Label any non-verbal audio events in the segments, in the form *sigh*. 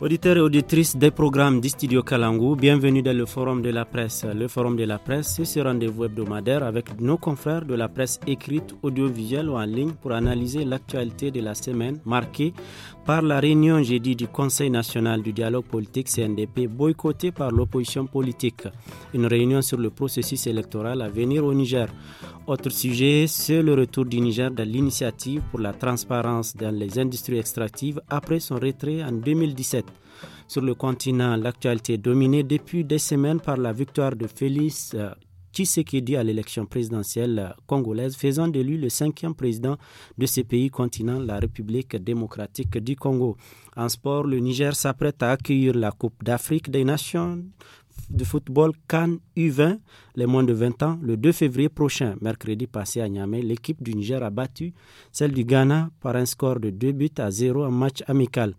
Auditeurs et auditrices des programmes du Studio Kalangou, bienvenue dans le Forum de la presse. Le Forum de la presse, c'est ce rendez-vous hebdomadaire avec nos confrères de la presse écrite, audiovisuelle ou en ligne pour analyser l'actualité de la semaine marquée par la réunion jeudi du Conseil national du dialogue politique CNDP boycotté par l'opposition politique. Une réunion sur le processus électoral à venir au Niger. Autre sujet, c'est le retour du Niger dans l'initiative pour la transparence dans les industries extractives après son retrait en 2017. Sur le continent, l'actualité est dominée depuis des semaines par la victoire de Félix euh, qui ce dit à l'élection présidentielle congolaise, faisant de lui le cinquième président de ce pays continent, la République démocratique du Congo. En sport, le Niger s'apprête à accueillir la Coupe d'Afrique des Nations de football Cannes U20, les moins de 20 ans, le 2 février prochain, mercredi passé à Niamey, l'équipe du Niger a battu celle du Ghana par un score de 2 buts à 0 en match amical.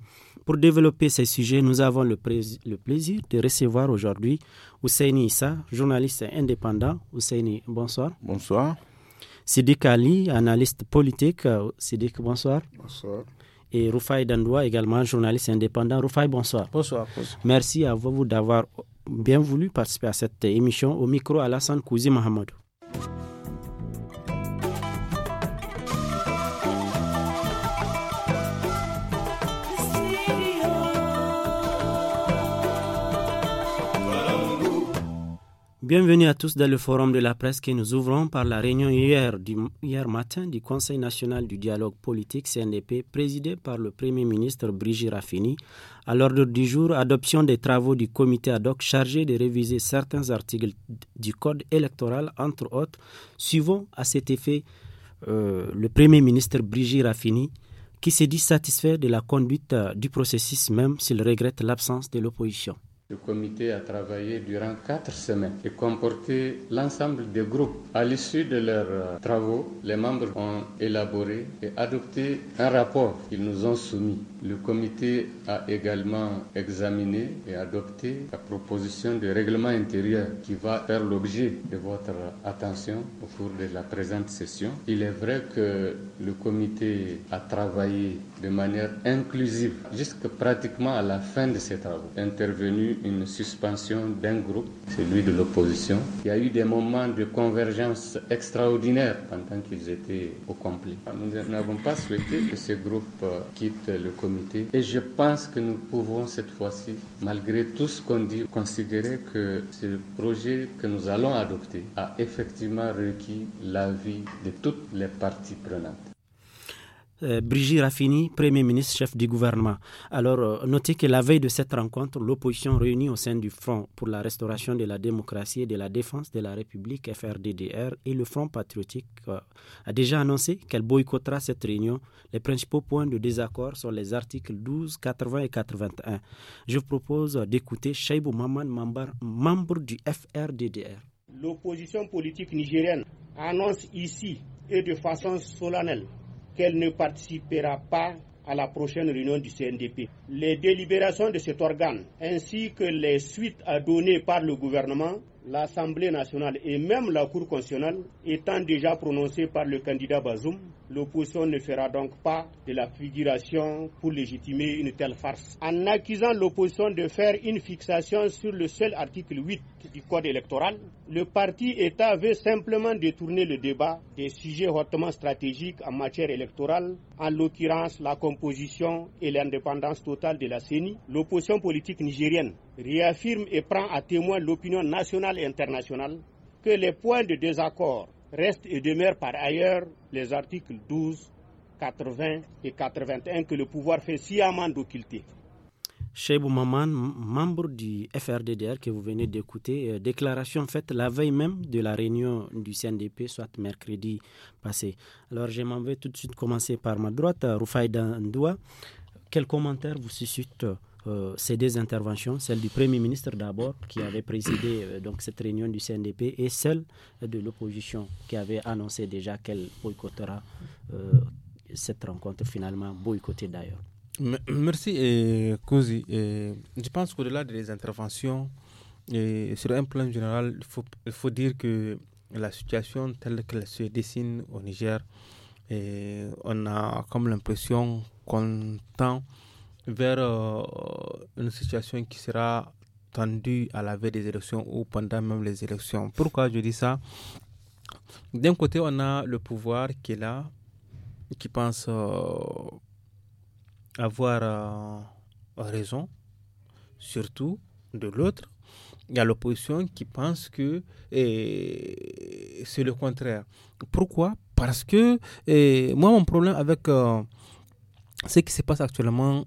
Pour développer ces sujets, nous avons le, plaisir de recevoir aujourd'hui Ousseini Issa, journaliste indépendant. Ousseini, bonsoir. Bonsoir. Sidik Ali, analyste politique. Sidik, bonsoir. Bonsoir. Et Rufai Dandoua, également journaliste indépendant. Rufai, bonsoir. Bonsoir. Merci à vous d'avoir bien voulu participer à cette émission. Au micro, Alassane Kouzi Mohamedou. Bienvenue à tous dans le forum de la presse que nous ouvrons par la réunion hier, hier matin du Conseil national du dialogue politique CNDP présidé par le Premier ministre Brigitte Raffini. À l'ordre du jour, adoption des travaux du comité ad hoc chargé de réviser certains articles du Code électoral, entre autres, suivant à cet effet euh, le Premier ministre Brigitte Raffini qui s'est dit satisfait de la conduite euh, du processus même s'il regrette l'absence de l'opposition. Le comité a travaillé durant quatre semaines et comporté l'ensemble des groupes. À l'issue de leurs euh, travaux, les membres ont élaboré et adopté un rapport qu'ils nous ont soumis. Le comité a également examiné et adopté la proposition de règlement intérieur qui va faire l'objet de votre attention au cours de la présente session. Il est vrai que le comité a travaillé de manière inclusive jusqu'à pratiquement à la fin de ses travaux, intervenu une suspension d'un groupe, celui de l'opposition. Il y a eu des moments de convergence extraordinaires pendant qu'ils étaient au complet. Nous n'avons pas souhaité que ce groupe euh, quitte le comité et je pense que nous pouvons cette fois-ci, malgré tout ce qu'on dit, considérer que ce projet que nous allons adopter a effectivement requis l'avis de toutes les parties prenantes. Euh, Brigitte Raffini, Premier ministre, chef du gouvernement. Alors, euh, notez que la veille de cette rencontre, l'opposition réunie au sein du Front pour la restauration de la démocratie et de la défense de la République FRDDR et le Front patriotique euh, a déjà annoncé qu'elle boycottera cette réunion. Les principaux points de désaccord sont les articles 12, 80 et 81. Je vous propose d'écouter Shaibou Maman, Mambar, membre du FRDDR. L'opposition politique nigérienne annonce ici et de façon solennelle qu'elle ne participera pas à la prochaine réunion du CNDP. Les délibérations de cet organe, ainsi que les suites à donner par le gouvernement, l'Assemblée nationale et même la Cour constitutionnelle, étant déjà prononcées par le candidat Bazoum, L'opposition ne fera donc pas de la figuration pour légitimer une telle farce. En accusant l'opposition de faire une fixation sur le seul article 8 du Code électoral, le parti État veut simplement détourner le débat des sujets hautement stratégiques en matière électorale, en l'occurrence la composition et l'indépendance totale de la CENI. L'opposition politique nigérienne réaffirme et prend à témoin l'opinion nationale et internationale que les points de désaccord Reste et demeure par ailleurs les articles 12, 80 et 81 que le pouvoir fait sciemment d'occulter. Cheibou Maman, membre du FRDDR que vous venez d'écouter, euh, déclaration faite la veille même de la réunion du CNDP, soit mercredi passé. Alors je m'en vais tout de suite commencer par ma droite, euh, Rufai Dandoua. Quel commentaire vous suscite euh, euh, ces deux interventions, celle du Premier ministre d'abord, qui avait présidé euh, donc cette réunion du CNDP, et celle de l'opposition, qui avait annoncé déjà qu'elle boycottera euh, cette rencontre, finalement boycottée d'ailleurs. Merci, et, je pense qu'au-delà des interventions, et sur un plan général, il faut, faut dire que la situation telle qu'elle se dessine au Niger, et on a comme l'impression qu'on tend vers euh, une situation qui sera tendue à la veille des élections ou pendant même les élections. Pourquoi je dis ça D'un côté, on a le pouvoir qui est là, qui pense euh, avoir euh, raison, surtout de l'autre. Il y a l'opposition qui pense que c'est le contraire. Pourquoi Parce que moi, mon problème avec ce qui se passe actuellement,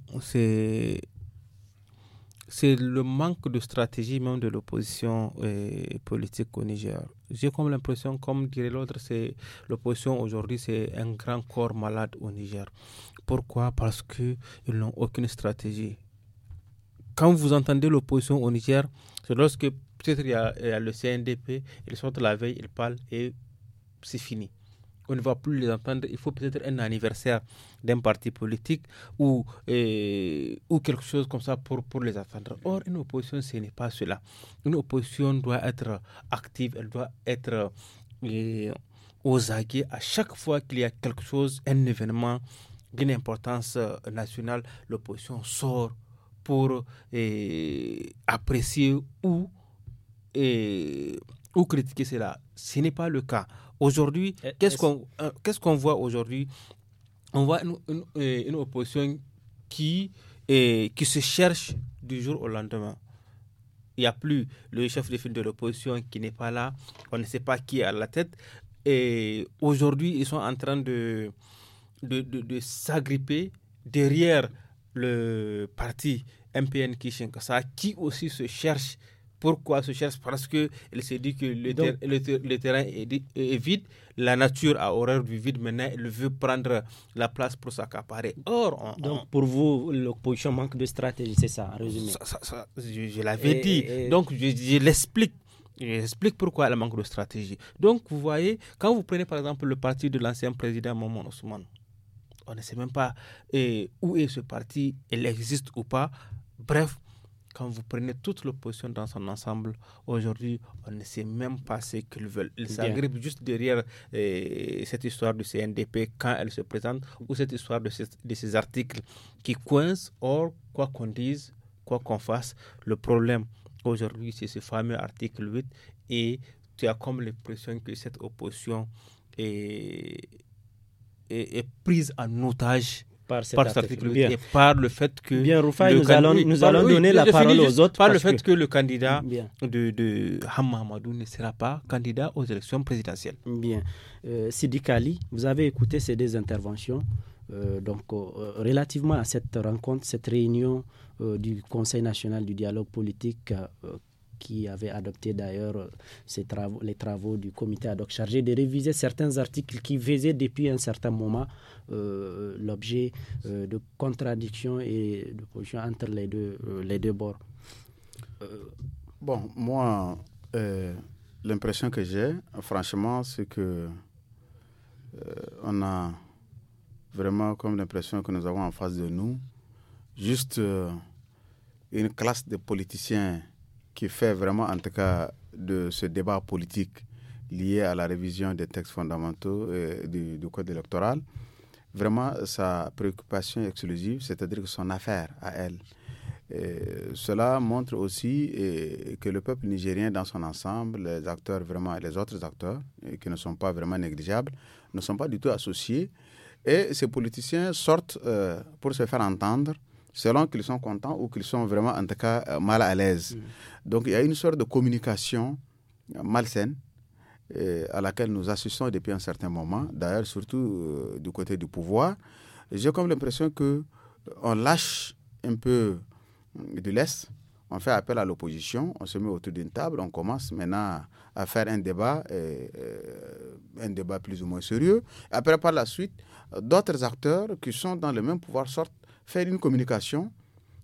c'est le manque de stratégie même de l'opposition euh, politique au Niger. J'ai comme l'impression, comme dirait l'autre, c'est l'opposition aujourd'hui, c'est un grand corps malade au Niger. Pourquoi Parce qu'ils n'ont aucune stratégie. Quand vous entendez l'opposition au Niger, c'est lorsque peut-être il, il y, a, le CNDP, ils sortent la veille, ils parlent et c'est fini on ne va plus les entendre. Il faut peut-être un anniversaire d'un parti politique ou, eh, ou quelque chose comme ça pour, pour les entendre. Or, une opposition, ce n'est pas cela. Une opposition doit être active, elle doit être eh, aux aguets à chaque fois qu'il y a quelque chose, un événement d'une importance euh, nationale, l'opposition sort pour eh, apprécier ou, ou critiquer cela. Ce n'est pas le cas Aujourd'hui, eh, euh, qu'est-ce qu'on qu'est-ce voit aujourd'hui On voit une, euh, opposition euh, qui, se cherche du jour au lendemain. Il n'y a plus le chef de file de l'opposition qui n'est pas là. On ne sait pas qui est à la tête. Et aujourd'hui, ils sont en train de, s'agripper derrière le parti MPN Kishinkasa, qui aussi se cherche pourquoi se cherche Parce qu'elle s'est dit que le, terrain est, vide, la nature a horreur du vide, maintenant elle veut prendre la place pour s'accaparer. Or, Donc pour vous, l'opposition manque de stratégie, c'est ça, résumé ça, Je, l'avais dit. Donc je, je l'explique. J'explique pourquoi elle manque de stratégie. Donc, vous voyez, quand vous prenez par exemple le parti de l'ancien président Momon Ousmane, on ne sait même pas où est ce parti, il existe ou pas. Bref, quand vous prenez toute l'opposition dans son ensemble, aujourd'hui, on ne sait même pas ce qu'ils veulent. Ils s'agrippent juste derrière eh, cette histoire du CNDP quand elle se présente, ou cette histoire de ces, articles qui coincent. Or, quoi qu'on dise, quoi qu'on fasse, le problème aujourd'hui, c'est ce fameux article 8. Et tu as comme l'impression que cette opposition est, est prise en otage par cet, par par le fait que. nous, allons, donner la parole aux autres. Par le fait que, le candidat de, de ne sera pas candidat aux élections présidentielles. Bien. Euh, Sidi Kali, vous avez écouté ces deux interventions. Euh, donc, euh, relativement à cette rencontre, cette réunion euh, du Conseil national du dialogue politique qui avait adopté d'ailleurs euh, travaux, les travaux du comité ad hoc chargé de réviser certains articles qui faisaient depuis un certain moment euh, l'objet euh, de contradictions et de positions entre les deux, les deux bords. bon, moi, l'impression que j'ai, franchement, c'est que on a vraiment comme l'impression que nous avons en face de nous juste une classe de politiciens qui fait vraiment, en tout cas, de ce débat politique lié à la révision des textes fondamentaux du, code électoral, vraiment sa préoccupation exclusive, c'est-à-dire son affaire à elle. cela montre aussi que le peuple nigérien dans son ensemble, les acteurs vraiment, les autres acteurs qui ne sont pas vraiment négligeables, ne sont pas du tout associés. Et ces politiciens sortent euh, pour se faire entendre selon qu'ils sont contents ou qu'ils sont vraiment, en tout cas, euh, mal à l'aise. Mm. Donc, il y a une sorte de communication euh, malsaine euh, à laquelle nous assistons depuis un certain moment, d'ailleurs, surtout du côté du pouvoir. J'ai comme l'impression que on lâche un peu du lest, on fait appel à l'opposition, on se met autour d'une table, on commence maintenant à faire un débat, un débat plus ou moins sérieux. Après, par la suite, d'autres acteurs qui sont dans le même pouvoir sortent faire une communication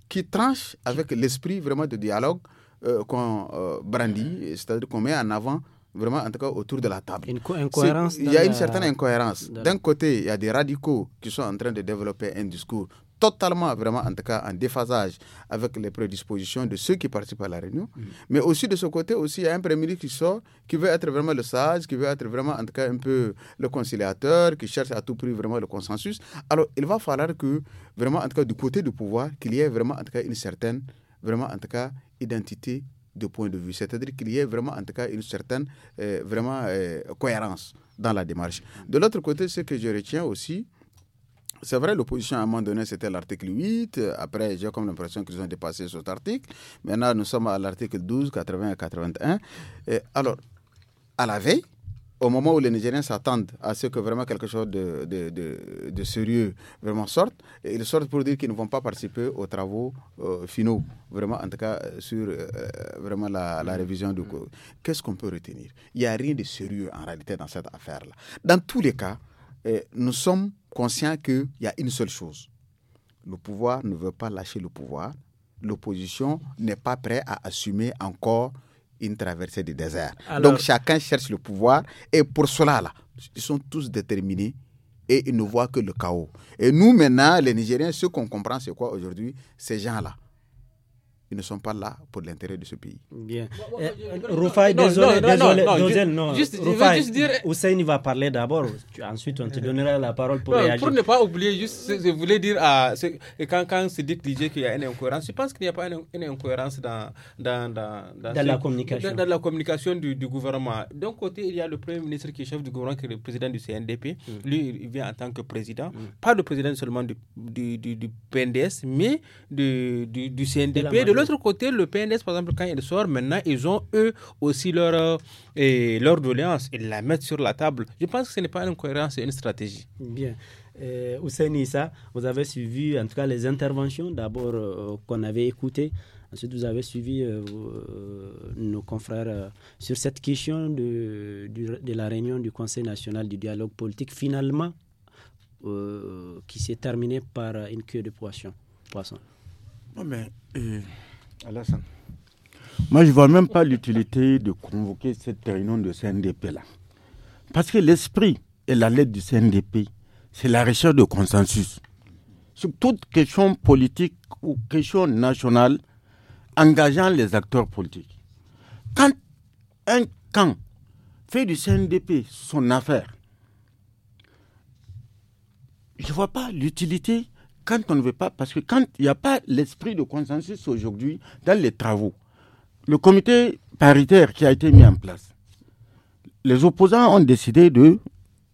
qui tranche avec l'esprit vraiment de dialogue euh, qu'on euh, brandit, c'est-à-dire qu'on met en avant vraiment en tout cas autour de la table. il y a une certaine incohérence. D'un côté, il y a des radicaux qui sont en train de développer un discours totalement, vraiment, en tout cas, en déphasage avec les prédispositions de ceux qui participent à la réunion. Mm-hmm. Mais aussi, de ce côté, aussi, il y a un premier ministre qui sort, qui veut être vraiment le sage, qui veut être vraiment, en tout cas, un peu le conciliateur, qui cherche à tout prix vraiment le consensus. Alors, il va falloir que, vraiment, en tout cas, du côté du pouvoir, qu'il y ait vraiment, en tout cas, une certaine, vraiment, en tout cas, identité de point de vue. C'est-à-dire qu'il y ait vraiment, en tout cas, une certaine, euh, vraiment, euh, cohérence dans la démarche. De l'autre côté, ce que je retiens aussi, c'est vrai, l'opposition à un moment donné, c'était l'article 8. Après, j'ai comme l'impression qu'ils ont dépassé cet article. Maintenant, nous sommes à l'article 12, 80 et 81. alors, à la veille, au moment où les Nigériens s'attendent à ce que vraiment quelque chose de, de, de, sérieux vraiment sorte, et ils sortent pour dire qu'ils ne vont pas participer aux travaux euh, finaux, vraiment en tout cas euh, sur euh, vraiment la, révision du Qu'est-ce qu'on peut retenir Il n'y a rien de sérieux en réalité dans cette affaire-là. Dans tous les cas, nous sommes conscients qu'il y a une seule chose. Le pouvoir ne veut pas lâcher le pouvoir. L'opposition n'est pas prête à assumer encore une traversée du désert. Donc chacun cherche le pouvoir et pour cela, là, ils sont tous déterminés et ils ne voient que le chaos. Et nous, maintenant, les Nigériens, ce qu'on comprend, c'est quoi aujourd'hui Ces gens-là, ils ne sont pas là pour l'intérêt de ce pays. Bien. Euh, Rufai, désolé, non, désolé, non, non, désolé, juste, dire... va parler d'abord, ensuite on te donnera la parole pour réagir. Pour ne pas oublier, juste, je voulais dire, à, quand, quand se dit qu'il y a une incohérence, je pense qu'il n'y a pas une, incohérence dans, dans, dans, dans, la communication, dans, la communication du, gouvernement. D'un côté, il y a le Premier ministre qui est chef du gouvernement, qui est le président du CNDP. Mm. Lui, il vient en tant que président, mm. pas le président seulement du, du, PNDS, mais du, du CNDP, de l'autre côté, le PNS, par exemple, quand il sort, maintenant, ils ont eux aussi leur, euh, et leur doléance. Ils la mettent sur la table. Je pense que ce n'est pas une cohérence, c'est une stratégie. Bien. Euh, Nissa, vous avez suivi en tout cas les interventions d'abord euh, qu'on avait écoutées. Ensuite, vous avez suivi euh, nos confrères sur cette question de, de, la réunion du Conseil national du dialogue politique, finalement, qui s'est terminée par une queue de poisson. poisson. Non, mais Alassane. Moi, je ne vois même pas l'utilité de convoquer cette réunion de CNDP-là. Parce que l'esprit et la lettre du CNDP, c'est la recherche de consensus. Sur toute question politique ou question nationale, engageant les acteurs politiques. Quand un camp fait du CNDP son affaire, je ne vois pas l'utilité quand on ne veut pas, parce que quand il n'y a pas l'esprit de consensus aujourd'hui dans les travaux, le comité paritaire qui a été mis en place, les opposants ont décidé de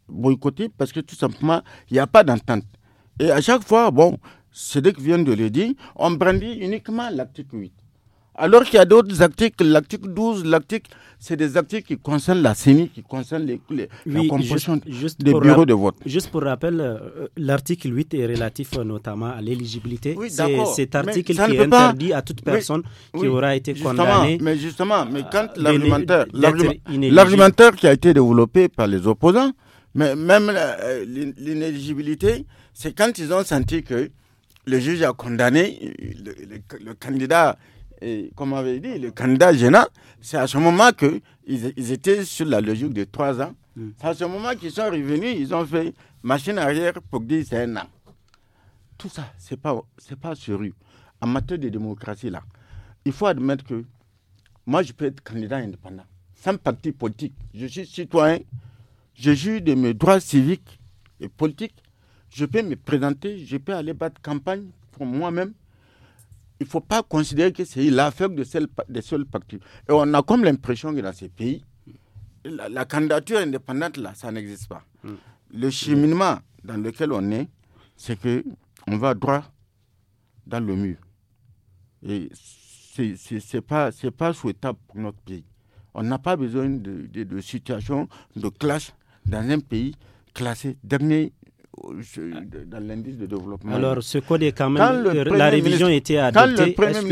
boycotter parce que tout simplement, il n'y a pas d'entente. Et à chaque fois, bon, Cédric vient de le dire, on brandit uniquement l'article 8. Alors qu'il y a d'autres articles, l'article 12, l'article, c'est des articles qui concernent la CENI, qui concernent les, les des bureaux de vote. Juste pour rappel, euh, l'article 8 est relatif euh, notamment à l'éligibilité. c'est cet article qui interdit à toute personne qui aura été condamnée. Mais justement, mais euh, quand l'argumentaire, l'argumentaire qui a été développé par les opposants, mais même l'inéligibilité, c'est quand ils ont senti que le juge a condamné le candidat et comme on avait dit, le candidat gênant, c'est à ce moment qu'ils ils étaient sur la logique de trois ans. Mm. C'est à ce moment qu'ils sont revenus, ils ont fait machine arrière pour dire c'est un an. Tout ça, ce n'est pas, pas sérieux. En matière de démocratie, là, il faut admettre que moi, je peux être candidat indépendant, sans parti politique. Je suis citoyen, je joue de mes droits civiques et politiques. Je peux me présenter, je peux aller battre campagne pour moi-même il ne faut pas considérer que c'est l'affaire de des seuls partis. Et on a comme l'impression que dans ces pays, la, candidature indépendante, là, ça n'existe pas. Mm. Le cheminement dans lequel on est, c'est que on va droit dans le mur. Et ce n'est pas, pas souhaitable pour notre pays. On n'a pas besoin de, de, de situation de classe dans un pays classé dernier ah. dans l'indice de développement. Alors, ce code est quand même. la révision était adoptée. Quand le euh,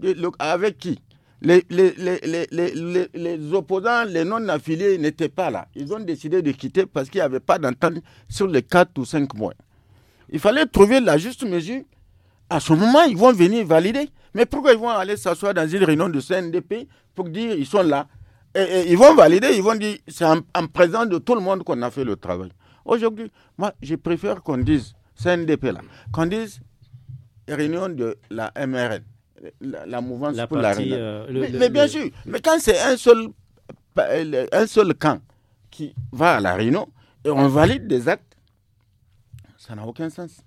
ministre, avec qui les, opposants, les non-affiliés n'étaient pas là. Ils ont décidé de quitter parce qu'il n'y avait pas d'entente sur les 4 ou 5 mois. Il fallait trouver la juste mesure. À ce moment, ils vont venir valider. Mais pourquoi ils vont aller s'asseoir dans une réunion de CNDP pour dire ils sont là et, ils vont valider, ils vont dire c'est en présence de tout le monde qu'on a fait le travail. Aujourd'hui, moi, je préfère qu'on dise, CNDP là, qu'on dise réunion de la MRN, la, mouvance pour la Réunion. Euh, mais, bien sûr, mais quand c'est un seul, un seul camp qui va à la réunion et on valide des actes, ça n'a aucun sens.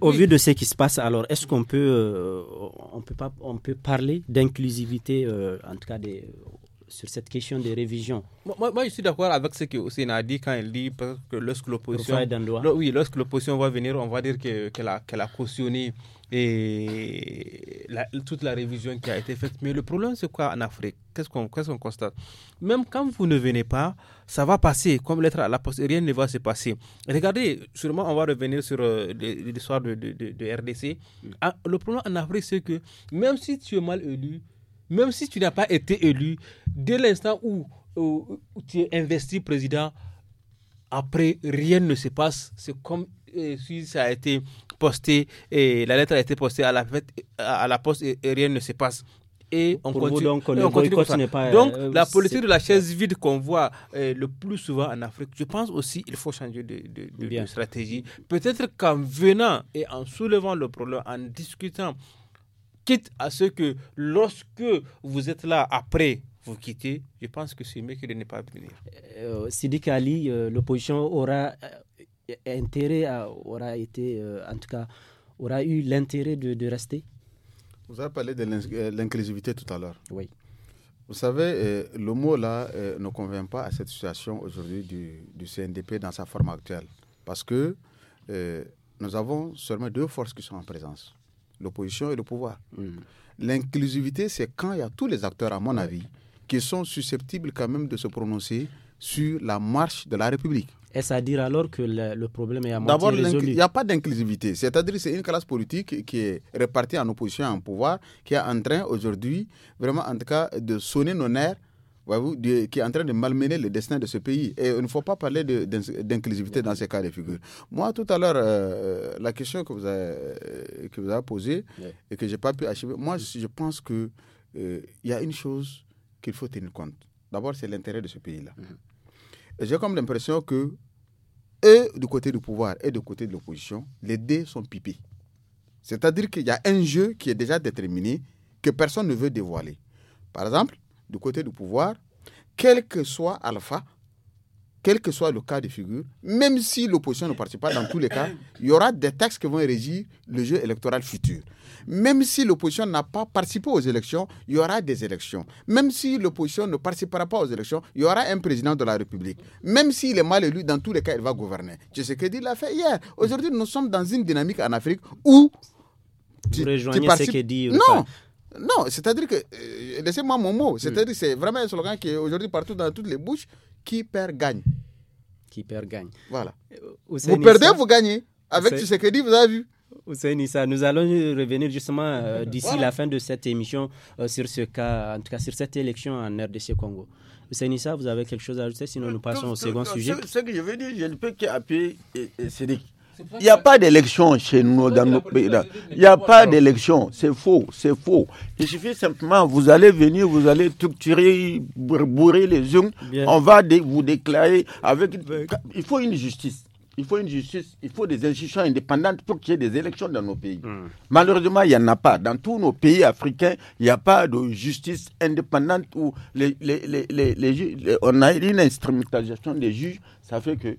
Au vu, de ce qui se passe, alors est-ce qu'on peut, euh, on peut, pas, on peut parler d'inclusivité, euh, en tout cas des, sur cette question de révision. Moi, moi je suis d'accord avec ce que Hussein a dit quand il dit que lorsque l'opposition. Oui, lorsque l'opposition va venir, on va dire qu'elle que a, a, cautionné et toute la révision qui a été faite. Mais le problème, c'est quoi en Afrique Qu'est-ce qu'on constate Même quand vous ne venez pas, ça va passer comme l'être à la poste. Rien ne va se passer. Regardez, sûrement, on va revenir sur euh, l'histoire de, de, RDC. Ah, le problème en Afrique, c'est que même si tu es mal élu, même si tu n'as pas été élu, dès l'instant où, tu es investi président, après, rien ne se passe. C'est comme euh, si ça a été posté, et la lettre a été postée à la, à la poste et, rien ne se passe et on continue. donc, donc euh, la politique de la chaise vide qu'on voit euh, le plus souvent en Afrique, je pense aussi qu'il faut changer de stratégie. Peut-être qu'en venant et en soulevant le problème, en discutant quitte à ce que lorsque vous êtes là après, vous quittez, je pense que c'est mieux qu'il de ne pas venir. Euh, Sidi Kali, euh, l'opposition aura euh, intérêt, aura été, en tout cas, aura eu l'intérêt de, rester Vous avez parlé de l'inclusivité tout à l'heure. Oui. Vous savez, le mot là ne convient pas à cette situation aujourd'hui du, du, CNDP dans sa forme actuelle. Parce que nous avons seulement deux forces qui sont en présence l'opposition et le pouvoir. Hmm. L'inclusivité, c'est quand il y a tous les acteurs, à mon avis, qui sont susceptibles quand même de se prononcer sur la marche de la République. Est-ce à dire alors que le, problème est à D'abord, il n'y a pas d'inclusivité. C'est-à-dire que c'est une classe politique qui est répartie en opposition et en pouvoir, qui est en train aujourd'hui, vraiment en tout cas, de sonner nos nerfs qui est en train de malmener le destin de ce pays. Et il ne faut pas parler d'inclusivité dans ces cas de figure. Moi, tout à l'heure, euh, la question que vous avez, euh, que vous avez posée et que je n'ai pas pu achever, moi, je, pense qu'il euh, il y a une chose qu'il faut tenir compte. D'abord, c'est l'intérêt de ce pays-là. Mhm. J'ai comme l'impression que, et du côté du pouvoir et du côté de l'opposition, les dés sont pipés. C'est-à-dire qu'il y a un jeu qui est déjà déterminé que personne ne veut dévoiler. Par exemple, du côté du pouvoir, quel que soit Alpha, quel que soit le cas de figure, même si l'opposition ne participe pas dans tous les cas, il y aura des taxes qui vont régir le jeu électoral futur. Même si l'opposition n'a pas participé aux élections, il y aura des élections. Même si l'opposition ne participera pas aux élections, il y aura un président de la République. Même s'il est mal élu, dans tous les cas, il va gouverner. qu'il l'a fait e hier. Aujourd'hui, nous sommes dans une dynamique en Afrique où... Tu, Vous rejoignez ce que dit... Non, non, c'est-à-dire que, euh, laissez-moi mon mot, c'est-à-dire que c'est vraiment un slogan qui est aujourd'hui partout dans toutes les bouches, qui perd gagne. Qui perd gagne. Voilà. Euh, vous perdez, vous gagnez. Avec ce que dit, vous avez vu. Hussein nous allons revenir justement euh, d'ici la fin de cette émission sur ce cas, en tout cas sur cette élection en RDC Congo. Hussein vous avez quelque chose à ajouter, sinon nous passons au second sujet. Ce, que je veux dire, je ne peux qu'appuyer Cédric. Il n'y a pas d'élection chez nous dans nos pays. Il n'y a pas d'élection. C'est faux, c'est faux. Il suffit simplement, vous allez venir, vous allez structurer, bourrer les urnes. On va vous déclarer avec. Il faut une justice. Il faut une justice, il faut des institutions indépendantes pour qu'il y ait des élections dans nos pays. Hmm. Malheureusement, il n'y en a pas. Dans tous nos pays africains, il n'y a pas de justice indépendante où on a une instrumentalisation des juges. Ça fait que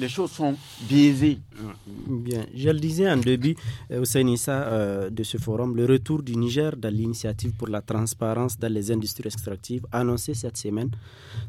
les choses sont biaisées. Bien, je le disais en début au euh, sein euh, de ce forum, le retour du Niger dans l'initiative pour la transparence dans les industries extractives annoncée cette semaine,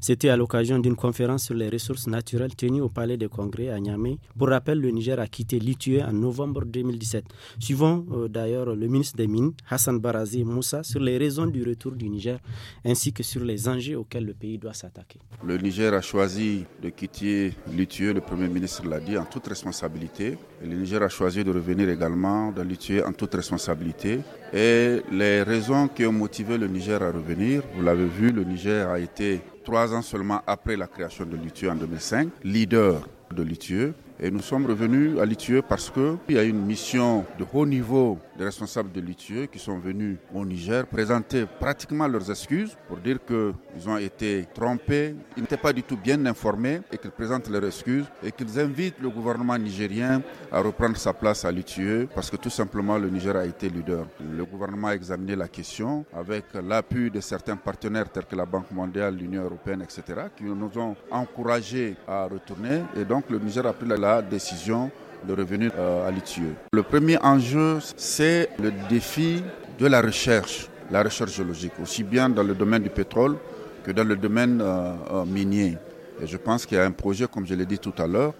c'était à l'occasion d'une conférence sur les ressources naturelles tenue au Palais des Congrès à Niamey. Pour rappel, le Niger a quitté l'ITUE en novembre 2017. Suivant euh, d'ailleurs le ministre des Mines, Hassan Barazi Moussa, sur les raisons du retour du Niger ainsi que sur les enjeux auxquels le pays doit s'attaquer. Le Niger a choisi de quitter l'ITUE le 1 ministre l'a dit, en toute responsabilité. Le Niger a choisi de revenir également dans l'UTIE en toute responsabilité. Et les raisons qui ont motivé le Niger à revenir, vous l'avez vu, le Niger a été trois ans seulement après la création de l'UTU en 2005, leader de l'UTU et nous sommes revenus à l'ITIE parce qu'il y a une mission de haut niveau des responsables de l'ITIE qui sont venus au Niger présenter pratiquement leurs excuses pour dire qu'ils ont été trompés, ils n'étaient pas du tout bien informés et qu'ils présentent leurs excuses et qu'ils invitent le gouvernement nigérien à reprendre sa place à l'ITIE parce que tout simplement le Niger a été leader. Le gouvernement a examiné la question avec l'appui de certains partenaires tels que la Banque mondiale, l'Union européenne, etc., qui nous ont encouragés à retourner et donc le Niger a pris la décision de revenir euh, à l'étude. Le premier enjeu, c'est le défi de la recherche, la recherche géologique, aussi bien dans le domaine du pétrole que dans le domaine euh, euh, minier. Et je pense qu'il y a un projet, comme je l'ai dit tout à l'heure,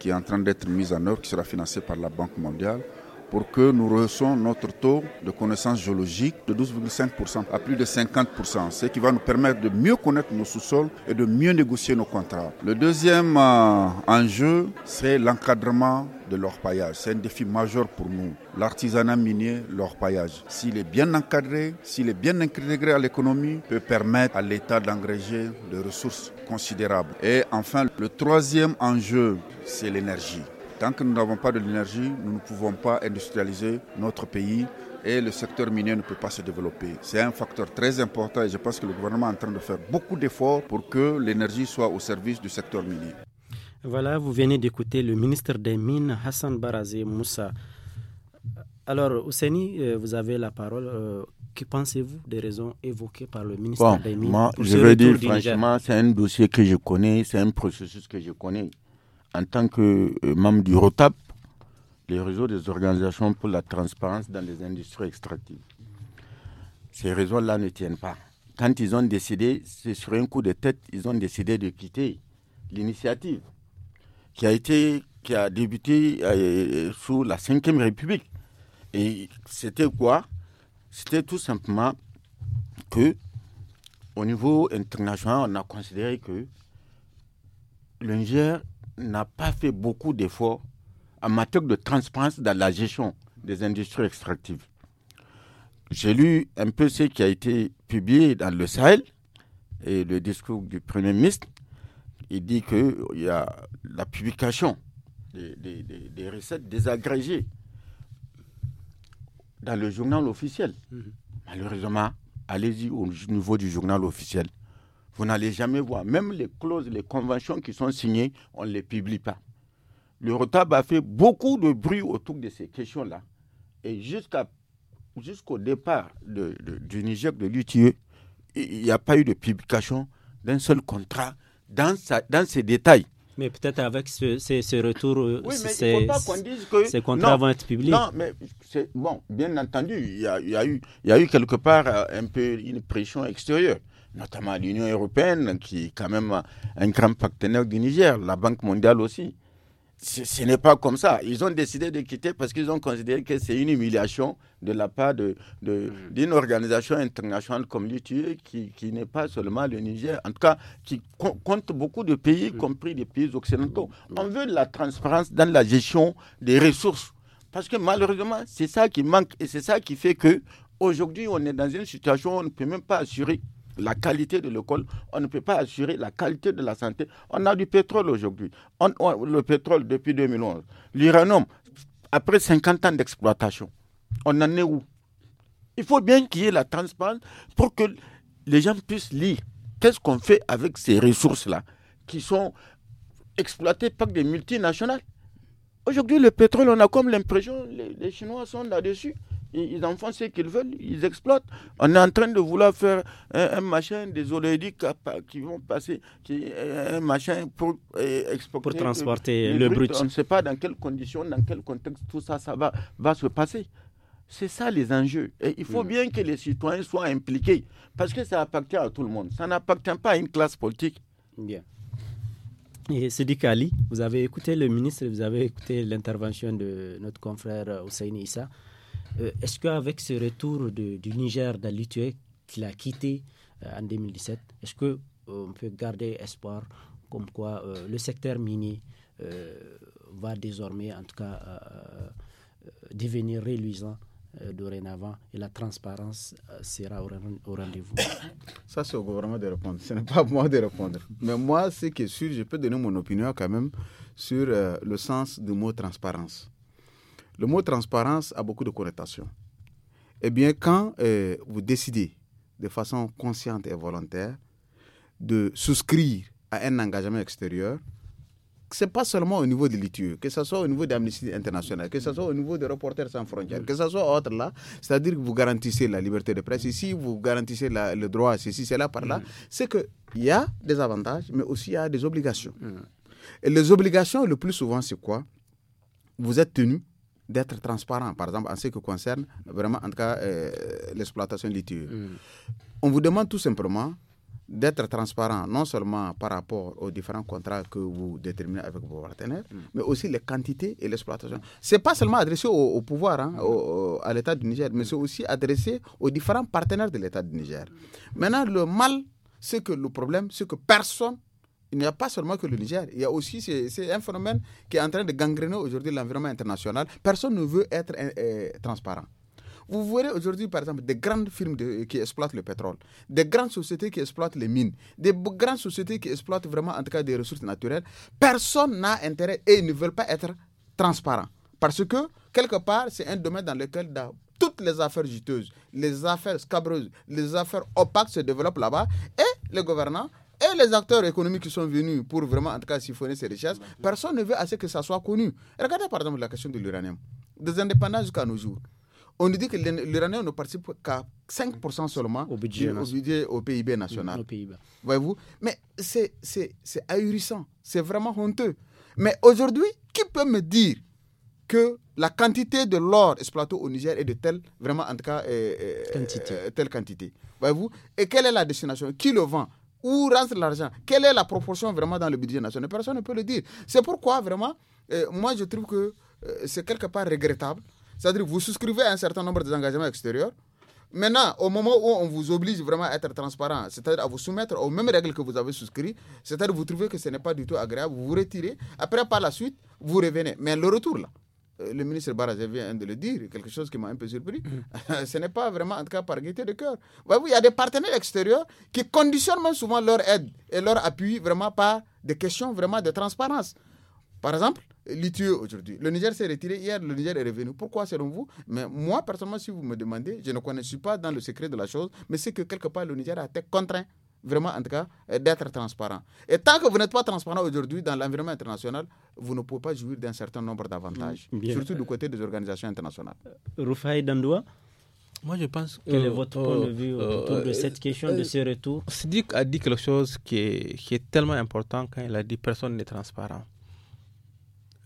qui est en train d'être mis en œuvre, qui sera financé par la Banque mondiale, pour que nous reçons notre taux de connaissance géologique de 12,5% à plus de 50%, ce qui va nous permettre de mieux connaître nos sous-sols et de mieux négocier nos contrats. Le deuxième euh, enjeu c'est l'encadrement de l'orpaillage. C'est un défi majeur pour nous. L'artisanat minier, l'orpaillage, s'il est bien encadré, s'il est bien intégré à l'économie, peut permettre à l'État d'engager des ressources considérables. Et enfin, le troisième enjeu, c'est l'énergie. Tant que nous n'avons pas de l'énergie, nous ne pouvons pas industrialiser notre pays et le secteur minier ne peut pas se développer. C'est un facteur très important et je pense que le gouvernement est en train de faire beaucoup d'efforts pour que l'énergie soit au service du secteur minier. Voilà, vous venez d'écouter le ministre des Mines, Hassan Barazé Moussa. Alors, Ouseni, euh, vous avez la parole. Euh, que pensez-vous des raisons évoquées par le ministre des Mines Je veux dire, franchement, c'est un dossier que je connais, c'est un processus que je connais en tant que euh, membre du ROTAP, les réseaux des organisations pour la transparence dans les industries extractives. Ces réseaux-là ne tiennent pas. Quand ils ont décidé, c'est sur un coup de tête, ils ont décidé de quitter l'initiative qui a été qui a débuté euh, sous la Ve République. Et c'était quoi C'était tout simplement que au niveau international, on a considéré que le n'a pas fait beaucoup d'efforts en matière de transparence dans la gestion des industries extractives. J'ai lu un peu ce qui a été publié dans le Sahel et le discours du Premier ministre. Il dit qu'il y a la publication des, des, recettes désagrégées dans le journal officiel. Mm-hmm. Malheureusement, allez-y au niveau du journal officiel. Vous n'allez jamais voir. Même les clauses, les conventions qui sont signées, on ne les publie pas. Le Rotab a fait beaucoup de bruit autour de ces questions-là. Et jusqu'à, jusqu'au départ du Niger de l'UTIE, il n'y a pas eu de publication d'un seul contrat dans, sa, dans ces détails. Mais peut-être avec ce, retour, ces contrats vont être publiés. Non, mais bon, bien entendu, il y a, il y a eu, il y a eu quelque part euh, un peu une pression extérieure notamment l'Union européenne, qui est quand même un grand partenaire du Niger, la Banque mondiale aussi. Ce, n'est pas comme ça. Ils ont décidé de quitter parce qu'ils ont considéré que c'est une humiliation de la part hmm. d'une de, organisation internationale comme l'UTE qui, qui n'est pas seulement le Niger, en tout cas qui compte beaucoup de pays, y hmm. compris des pays occidentaux. Hmm. On veut de la transparence dans la gestion des ressources. Parce que malheureusement, c'est ça qui manque et c'est ça qui fait que aujourd'hui on est dans une situation où on ne peut même pas assurer la qualité de l'école, on ne peut pas assurer la qualité de la santé. On a du pétrole aujourd'hui. On, le pétrole depuis 2011. L'uranium, après 50 ans d'exploitation, on en est où Il faut bien qu'il y ait la transparence pour que les gens puissent lire qu'est-ce qu'on fait avec ces ressources-là qui sont exploitées par des multinationales. Aujourd'hui, le pétrole, on a comme l'impression les Chinois sont là-dessus. Ils en font ce qu'ils veulent, ils exploitent. On est en train de vouloir faire un, machin des oléidiques qui vont passer, un machin pour euh, exporter. Pour transporter le, brut. On ne sait pas dans quelles conditions, dans quel contexte tout ça, ça va, va se passer. C'est ça les enjeux. Et il faut mm. bien que les citoyens soient impliqués, parce que ça appartient à tout le monde. Ça n'appartient pas à une classe politique. Bien. Et Sidi Kali, vous avez écouté le ministre, vous avez écouté l'intervention de notre confrère Hussein euh, Issa. Euh, est-ce qu'avec ce retour du Niger d'Alitué qu'il a quitté euh, en 2017, est-ce qu'on euh, peut garder espoir comme quoi le secteur minier va désormais, en tout cas, devenir réluisant dorénavant et la transparence sera au rendez-vous. *coughs* Ça, c'est au gouvernement de répondre. Ce n'est pas à moi de répondre. Mais moi, ce que est sûr, je peux donner mon opinion quand même sur le sens du mot transparence. Le mot transparence a beaucoup de connotations. Eh bien, quand eh, vous décidez de façon consciente et volontaire de souscrire à un engagement extérieur, ce n'est pas seulement au niveau de l'ITU, que ce soit au niveau d'Amnesty International, que ce soit au niveau de Reporters sans frontières, que ce soit autre là, c'est-à-dire que vous garantissez la liberté de presse ici, vous garantissez le droit à ceci, là, par là, mm. c'est qu'il y a des avantages, mais aussi il y a des obligations. Mm. Et les obligations, le plus souvent, c'est quoi Vous êtes tenu d'être transparent, par exemple, en ce qui concerne vraiment, en tout cas, euh, l'exploitation de mm. On vous demande tout simplement d'être transparent, non seulement par rapport aux différents contrats que vous déterminez avec vos partenaires, mm. mais aussi les quantités et l'exploitation. Ce n'est pas seulement adressé au, pouvoir, hein, à l'État du Niger, mais c'est aussi adressé aux différents partenaires de l'État du Niger. Maintenant, le mal, c'est que le problème, c'est que personne il n'y a pas seulement que le Niger, il y a aussi c'est un phénomène qui est en train de gangréner aujourd'hui l'environnement international. Personne ne veut être euh, transparent. Vous voyez aujourd'hui, par exemple, des grandes firmes qui exploitent le pétrole, des grandes sociétés qui exploitent les mines, des grandes sociétés qui exploitent vraiment, en tout cas, des ressources naturelles. Personne n'a intérêt et ils ne veulent pas être transparents. Parce que, quelque part, c'est un domaine dans lequel toutes les affaires juteuses, les affaires scabreuses, les affaires opaques se développent là-bas. Et les gouvernants et les acteurs économiques qui sont venus pour vraiment, en tout cas, siphonner ces richesses, personne ne veut assez que ça soit connu. Regardez par exemple la question de l'uranium. Des indépendants jusqu'à nos jours. On nous dit que l'uranium ne participe qu'à 5% seulement au budget, au, PIB national. Voyez-vous Mais c'est ahurissant, c'est vraiment honteux. Mais aujourd'hui, qui peut me dire que la quantité de l'or exploité au Niger est de telle, vraiment en tout cas, telle quantité. Voyez-vous Et quelle est la destination Qui le vend où rentre l'argent Quelle est la proportion vraiment dans le budget national Personne ne peut le dire. C'est pourquoi vraiment, euh, moi je trouve que euh, c'est quelque part regrettable. C'est-à-dire que vous souscrivez à un certain nombre d'engagements extérieurs. Maintenant, au moment où on vous oblige vraiment à être transparent, c'est-à-dire à vous soumettre aux mêmes règles que vous avez souscrit, c'est-à-dire vous trouvez que ce n'est pas du tout agréable, vous vous retirez. Après, par la suite, vous revenez. Mais le retour, là, euh, le ministre Barazé vient de le dire, quelque chose qui m'a un peu surpris, mm. *laughs* ce n'est pas vraiment, en tout cas, par gaieté de cœur. il y a des partenaires extérieurs qui conditionnent souvent leur aide et leur appui vraiment par des questions vraiment de transparence. Par exemple, l'ITU aujourd'hui. Le Niger s'est retiré hier, le Niger est revenu. Pourquoi selon vous Mais moi, personnellement, si vous me demandez, je ne connais, suis pas dans le secret de la chose, mais c'est que quelque part, le Niger a été contraint vraiment en tout cas, euh, d'être transparent. Et tant que vous n'êtes pas transparent aujourd'hui dans l'environnement international, vous ne pouvez pas jouir d'un certain nombre d'avantages, mm, surtout du côté des organisations internationales. Euh, Rufai Dandoua moi, je pense que. Quel est votre point de euh, vue autour de cette question, de ce retour Sidik a dit quelque chose qui est, qui est tellement important quand il a dit personne n'est transparent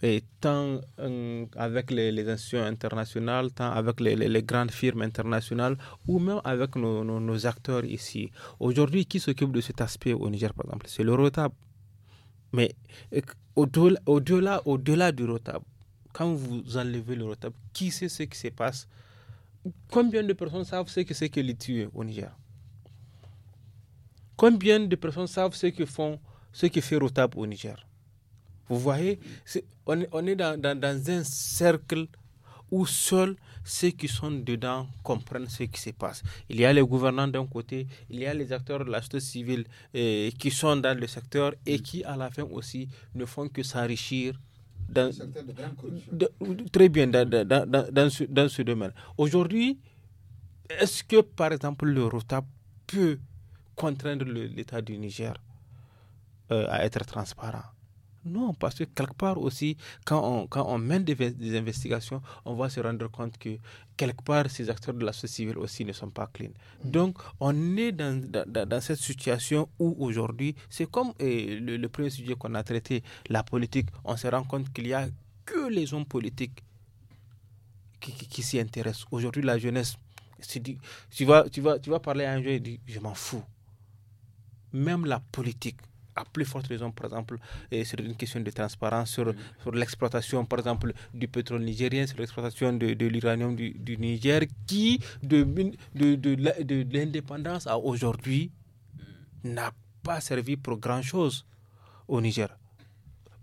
et tant euh, avec les, les, institutions internationales, tant avec les, les, grandes firmes internationales ou même avec nos, nos, acteurs ici. Aujourd'hui, qui s'occupe de cet aspect au Niger, par exemple C'est le rotable. Mais au-delà au -delà, au du rotable, quand vous enlevez le rotable, qui sait ce qui se passe Combien de personnes savent ce que c'est que les tuer au Niger Combien de personnes savent ce que font, ce que fait rotable au Niger vous voyez, on, est dans, un cercle où seuls ceux qui sont dedans comprennent ce qui se passe. Il y a les gouvernants d'un côté, il y a les acteurs de la société civile eh, qui sont dans le secteur et qui, à la fin aussi, ne font que s'enrichir. Dans, très bien dans, ce, domaine. Aujourd'hui, est-ce que, par exemple, le ROTA peut contraindre l'État du Niger euh, à être transparent non, parce que quelque part aussi, quand on, quand on mène des, investigations, on va se rendre compte que quelque part, ces acteurs de la société civile aussi ne sont pas clean. Mm. Donc, on est dans, cette situation où aujourd'hui, c'est comme euh, le, premier sujet qu'on a traité, la politique, on se rend compte qu'il n'y a que les hommes politiques qui, qui, s'y intéressent. Aujourd'hui, la jeunesse, tu, vas, tu, vas, tu vas parler à un jeune, il dit, je m'en fous. Même la politique à plus forte raison, par exemple, et sur une question de transparence, sur, mhm. l'exploitation, par exemple, du pétrole nigérien, sur l'exploitation de, l'uranium du, Niger, qui, de, l'indépendance à aujourd'hui, mhm. n'a pas servi pour grand-chose au Niger.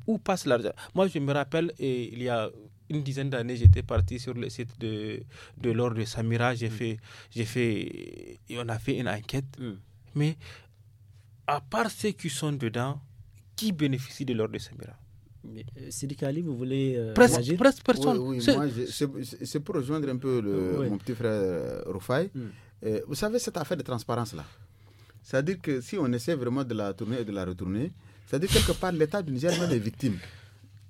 Où passe l'argent Moi, je me rappelle, il y a une dizaine d'années, j'étais parti sur le site de, de l'or de Samira. J'ai mhm. fait, j'ai fait, et on a fait une enquête. Mais à part ceux qui sont dedans, qui bénéficient de l'ordre de Samira euh, Sidi Kali, vous voulez. Euh, presque, personne. Oui, c'est pour rejoindre un peu mon petit frère euh, Rufai. Hmm. vous savez, cette affaire de transparence-là, c'est-à-dire que si on essaie vraiment de la tourner et de la retourner, c'est-à-dire quelque part, l'État du Niger des victimes.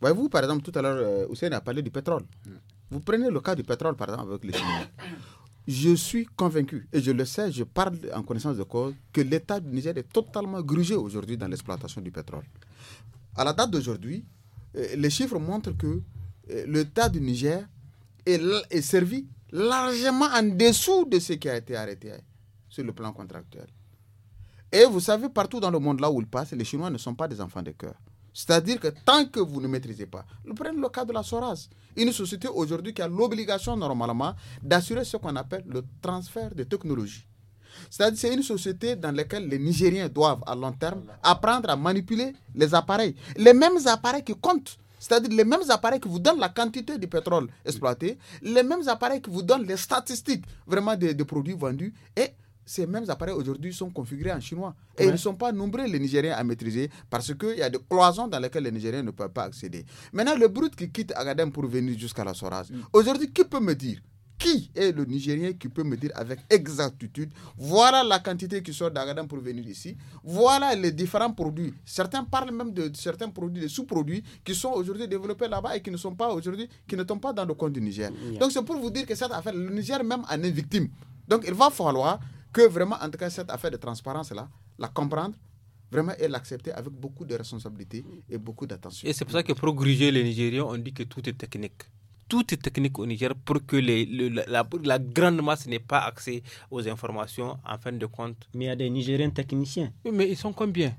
Voyez-vous, par exemple, tout à l'heure, Hussein a parlé du pétrole. Hmm. Vous prenez le cas du pétrole, par exemple, avec les Chinois je suis convaincu, et je le sais, je parle en connaissance de cause, que l'État du Niger est totalement grugé aujourd'hui dans l'exploitation du pétrole. À la date d'aujourd'hui, euh, les chiffres montrent que euh, l'État du Niger est, servi largement en dessous de ce qui a été arrêté hein, sur le plan contractuel. Et vous savez, partout dans le monde, là où il passe, les Chinois ne sont pas des enfants de cœur. C'est-à-dire que tant que vous ne maîtrisez pas, nous prenons le cas de la SORAS, une société aujourd'hui qui a l'obligation normalement d'assurer ce qu'on appelle le transfert de technologie. C'est-à-dire c'est une société dans laquelle les Nigériens doivent à long terme apprendre à manipuler les appareils, les mêmes appareils qui comptent. C'est-à-dire les mêmes appareils qui vous donnent la quantité de pétrole exploité, les mêmes appareils qui vous donnent les statistiques vraiment des, produits vendus et ces mêmes appareils aujourd'hui sont configurés en chinois. Et ils ne sont pas nombreux, les Nigériens, à maîtriser parce qu'il y a des cloisons dans lesquelles les Nigériens ne peuvent pas accéder. Maintenant, le brut qui quitte Agadem pour venir jusqu'à la Soraz, mm. aujourd'hui, qui peut me dire qui est le Nigérien qui peut me dire avec exactitude, voilà la quantité qui sort d'Agadam pour venir ici, voilà les différents produits. Certains parlent même de, certains produits, des sous-produits qui sont aujourd'hui développés là-bas et qui ne sont pas aujourd'hui, qui ne tombent pas dans le compte du Niger. Donc c'est pour vous dire que cette affaire, le Niger même en est victime. Donc il va falloir que vraiment, en tout cas, cette affaire de transparence-là, la comprendre, vraiment, et l'accepter avec beaucoup de responsabilité et beaucoup d'attention. Et c'est pour ça que pour gruger les Nigériens, on dit que tout est technique tout est technique au Niger pour que la, grande masse n'ait pas accès aux informations en fin de compte. Mais il y a des Nigériens techniciens. mais ils sont combien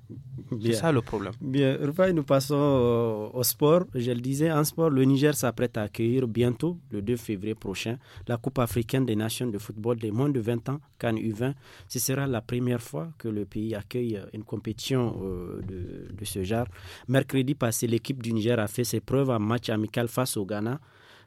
C'est ça le problème. Bien, nous passons au sport. Je le disais, en sport, le Niger s'apprête à accueillir bientôt, le 2 février prochain, la Coupe africaine des nations de football des moins de 20 ans, Cannes U20. Ce sera la première fois que le pays accueille euh, une compétition euh, de, de ce genre. Mercredi passé, l'équipe du Niger a fait ses preuves en match amical face au Ghana.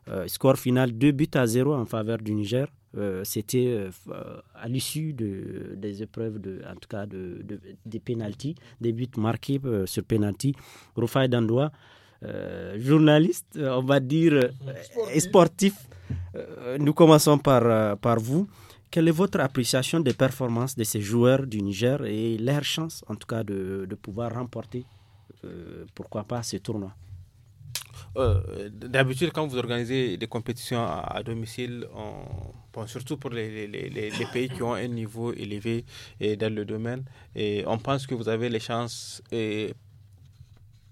Euh, score final 2 buts à 0 en faveur du Niger. Euh, c'était euh, à l'issue des épreuves, de, en tout cas des pénalties, des buts marqués sur pénalty. Rufai Dandoua, journaliste, on va dire et sportif. nous commençons par, par vous. Quelle est votre appréciation des performances de ces joueurs du Niger et leur chance, en tout cas, de, de pouvoir remporter, pourquoi pas, ce tournoi euh, d'habitude, quand vous organisez des compétitions à, domicile, on, pense surtout pour les, pays qui ont un niveau élevé dans le domaine, et on pense que vous avez les chances et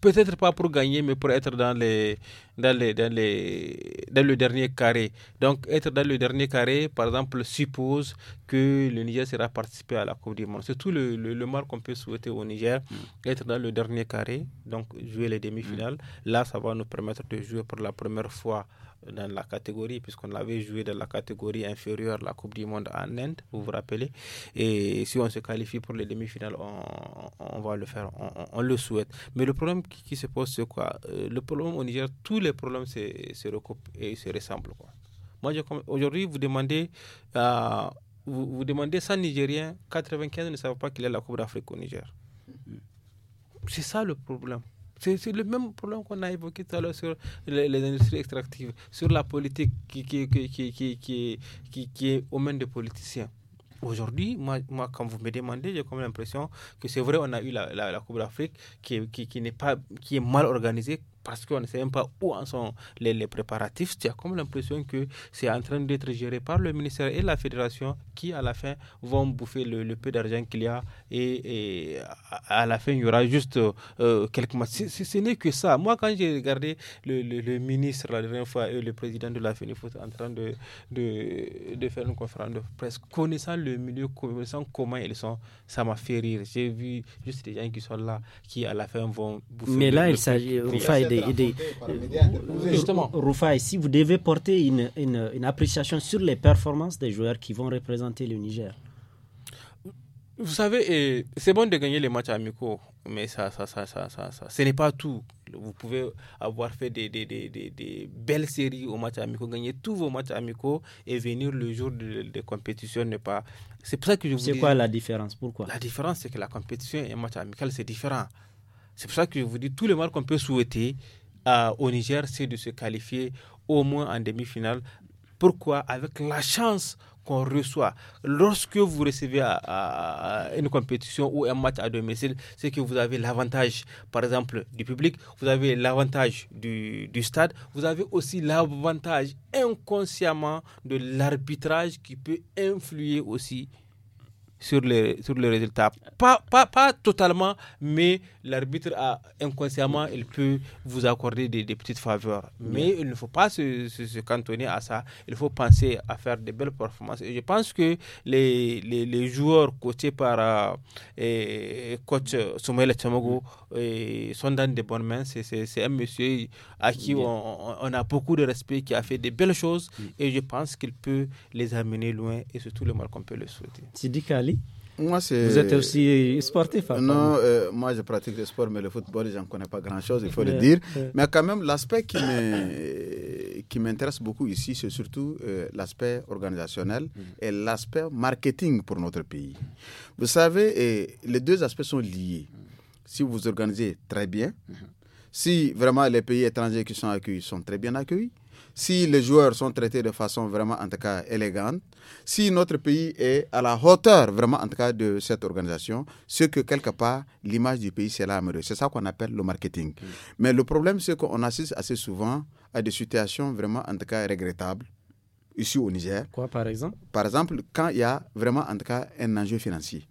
peut-être pas pour gagner, mais pour être dans, les, dans, les, dans, les, dans le dernier carré. Donc, être dans le dernier carré, par exemple, suppose que le Niger sera participé à la Coupe du Monde. C'est tout le, le, mal qu'on peut souhaiter au Niger, mm. être dans le dernier carré, donc jouer les demi-finales. Mm. Là, ça va nous permettre de jouer pour la première fois dans la catégorie, puisqu'on avait joué dans la catégorie inférieure la Coupe du Monde en Inde, vous vous rappelez. Et si on se qualifie pour les demi-finales, on, va le faire, on, le souhaite. Mais le problème qui, se pose, c'est quoi euh, Le problème au Niger, tous les problèmes se, recoupent et se ressemblent. Quoi. Moi, aujourd'hui, vous demandez à. Euh, vous, vous, demandez 100 Nigériens, 95 ne savent pas qu'il y a la Coupe d'Afrique au Niger. Mm-hmm. C'est ça le problème. C'est le même problème qu'on a évoqué tout à l'heure sur les, industries extractives, sur la politique qui, qui, qui, qui, qui, qui est aux mains des politiciens. Aujourd'hui, moi, quand vous me demandez, j'ai comme l'impression que c'est vrai, on a eu la, la, Coupe d'Afrique qui, qui, qui n'est pas, qui est mal organisée parce qu'on ne sait même pas où en sont les, les préparatifs. Tu as comme l'impression que c'est en train d'être géré par le ministère et la fédération qui, à la fin, vont bouffer le, peu d'argent qu'il y a et, à la fin, il y aura juste euh, quelques mois. ce n'est que ça. Moi, quand j'ai regardé le, ministre la dernière fois et le président de la FENIFOOT en train de, de, faire une conférence de presse, connaissant le milieu, connaissant comment ils sont, ça m'a fait rire. J'ai vu juste des gens qui sont là qui, à la fin, vont bouffer. Mais là, il s'agit des, justement. Rufai, si vous devez porter une, une, appréciation sur les performances des joueurs qui vont représenter le Niger. Vous savez, c'est bon de gagner les matchs amicaux, mais ça, ça, ça, ça, ça, ça, ce n'est pas tout. Vous pouvez avoir fait des, des, des, des, belles séries aux matchs amicaux, gagner tous vos matchs amicaux et venir le jour des de compétitions n'est pas. C'est pour ça que je vous. C'est quoi la différence Pourquoi La différence, c'est que la compétition et un match amical, c'est différent. C'est pour ça que je vous dis, tout le mal qu'on peut souhaiter à, euh, au Niger, c'est de se qualifier au moins en demi-finale. Pourquoi Avec la chance qu'on reçoit. Lorsque vous recevez à, euh, euh, une compétition ou un match à domicile, c'est que vous avez l'avantage, par exemple, du public, vous avez l'avantage du, du, stade, vous avez aussi l'avantage inconsciemment de l'arbitrage qui peut influer aussi sur les sur le résultat. Pas, pas, pas totalement, mais l'arbitre a inconsciemment, il peut vous accorder des, petites faveurs. Mais il ne faut pas se, se, cantonner à ça. Il faut penser à faire de belles performances. Et je pense que les, les, joueurs coachés par euh, coach euh, Soumaïla mm. et sont dans de bonnes mains. C'est un monsieur à qui on, on, a beaucoup de respect, qui a fait de belles choses. Mm. Et je pense qu'il peut les amener loin et surtout le mal qu'on peut le souhaiter. Sidi Kali, vous êtes aussi sportif hein, Non, euh, moi je pratique le sport, mais le football, j'en connais pas grand-chose, il faut le dire. Mais quand même, l'aspect qui m'intéresse beaucoup ici, c'est surtout euh, l'aspect organisationnel mm. et l'aspect marketing pour notre pays. Vous savez, les deux aspects sont liés. Si vous organisez très bien, mm. si vraiment les pays étrangers qui sont accueillis sont très bien accueillis, si les joueurs sont traités de façon vraiment, en tout cas, élégante, si notre pays est à la hauteur, vraiment, en tout cas, de cette organisation, c'est que quelque part, l'image du pays, c'est là, c'est ça qu'on appelle le marketing. Mm. Mais le problème, c'est qu'on assiste assez souvent à des situations vraiment, en tout cas, regrettables ici au Niger. Quoi, par exemple Par exemple, quand il y a vraiment, en tout cas, un enjeu financier.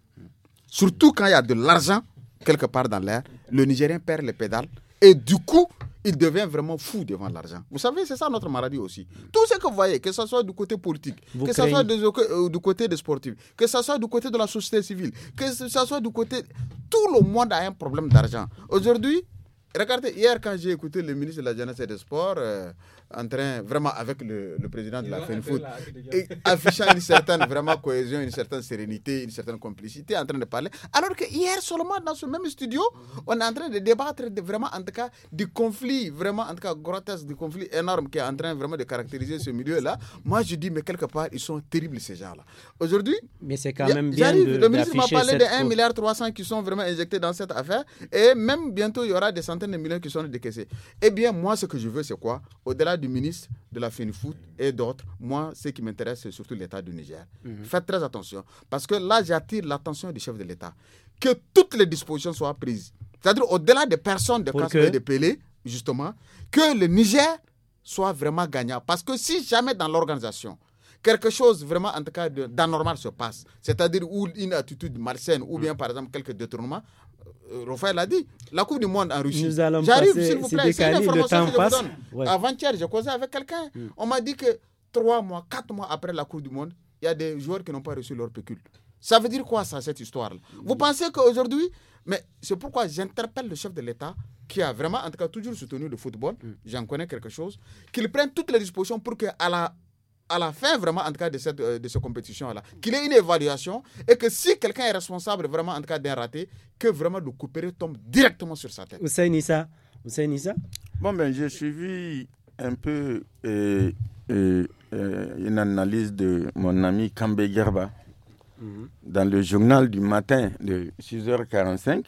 Surtout quand il y a de l'argent quelque part dans l'air, le Nigérien perd les pédales et du coup, il devient vraiment fou devant l'argent. Vous savez, c'est ça notre maladie aussi. Tout ce que vous voyez, que ce soit du côté politique, que ce soit du, euh, du côté des sportifs, que ce soit du côté de la société civile, que ce soit du côté... Tout le monde a un problème d'argent. Aujourd'hui, Regardez, hier, quand j'ai écouté le ministre de la Jeunesse et des Sports, euh, en train, vraiment avec le, président de la FENFOOT, affichant une certaine vraiment cohésion, une certaine sérénité, une certaine complicité, en train de parler. Alors que hier, seulement dans ce même studio, on est en train de débattre de, vraiment, en tout cas, du conflit, vraiment, en tout cas, grotesque, du conflit énorme qui est en train vraiment de caractériser ce milieu-là. Moi, je dis, mais quelque part, ils sont terribles, ces gens-là. Aujourd'hui. Mais c'est quand même bien. De, le ministre m'a parlé de 1,3 milliard qui sont vraiment injectés dans cette affaire. Et même bientôt, il y aura des centaines des millions qui sont décaissés. Eh bien, moi, ce que je veux, c'est quoi Au-delà du ministre de la foot et d'autres, moi, ce qui m'intéresse, c'est surtout l'État du Niger. Mhm. Faites très attention, parce que là, j'attire l'attention du chef de l'État. Que toutes les dispositions soient prises. C'est-à-dire, au-delà des personnes de Casque et de Pelé, justement, que le Niger soit vraiment gagnant. Parce que si jamais dans l'organisation, quelque chose vraiment, en tout cas, d'anormal se passe, c'est-à-dire une attitude malsaine, ou mm. bien, par exemple, quelques détournements, euh, Rafael a dit, la Coupe du Monde en Russie. J'arrive, s'il vous plaît, c'est une information que je vous donne. Avant-hier, j'ai causé avec quelqu'un. Mm. On m'a dit que trois mois, quatre mois après la Coupe du Monde, il y a des joueurs qui n'ont pas reçu leur pécule. Ça veut dire quoi, ça, cette histoire-là mm. Vous pensez qu'aujourd'hui. Mais c'est pourquoi j'interpelle le chef de l'État, qui a vraiment, en tout cas, toujours soutenu le football, mm. j'en connais quelque chose, qu'il prenne toutes les dispositions pour qu'à la à la fin vraiment en tout cas de cette euh, de cette compétition là qu'il ait une évaluation et que si quelqu'un est responsable vraiment en tout cas d'un raté que vraiment le coupé tombe directement sur sa tête. Vous Nissa Bon ben j'ai suivi un peu euh, euh, une analyse de mon ami Kambe Gerba mhm. dans le journal du matin de 6h45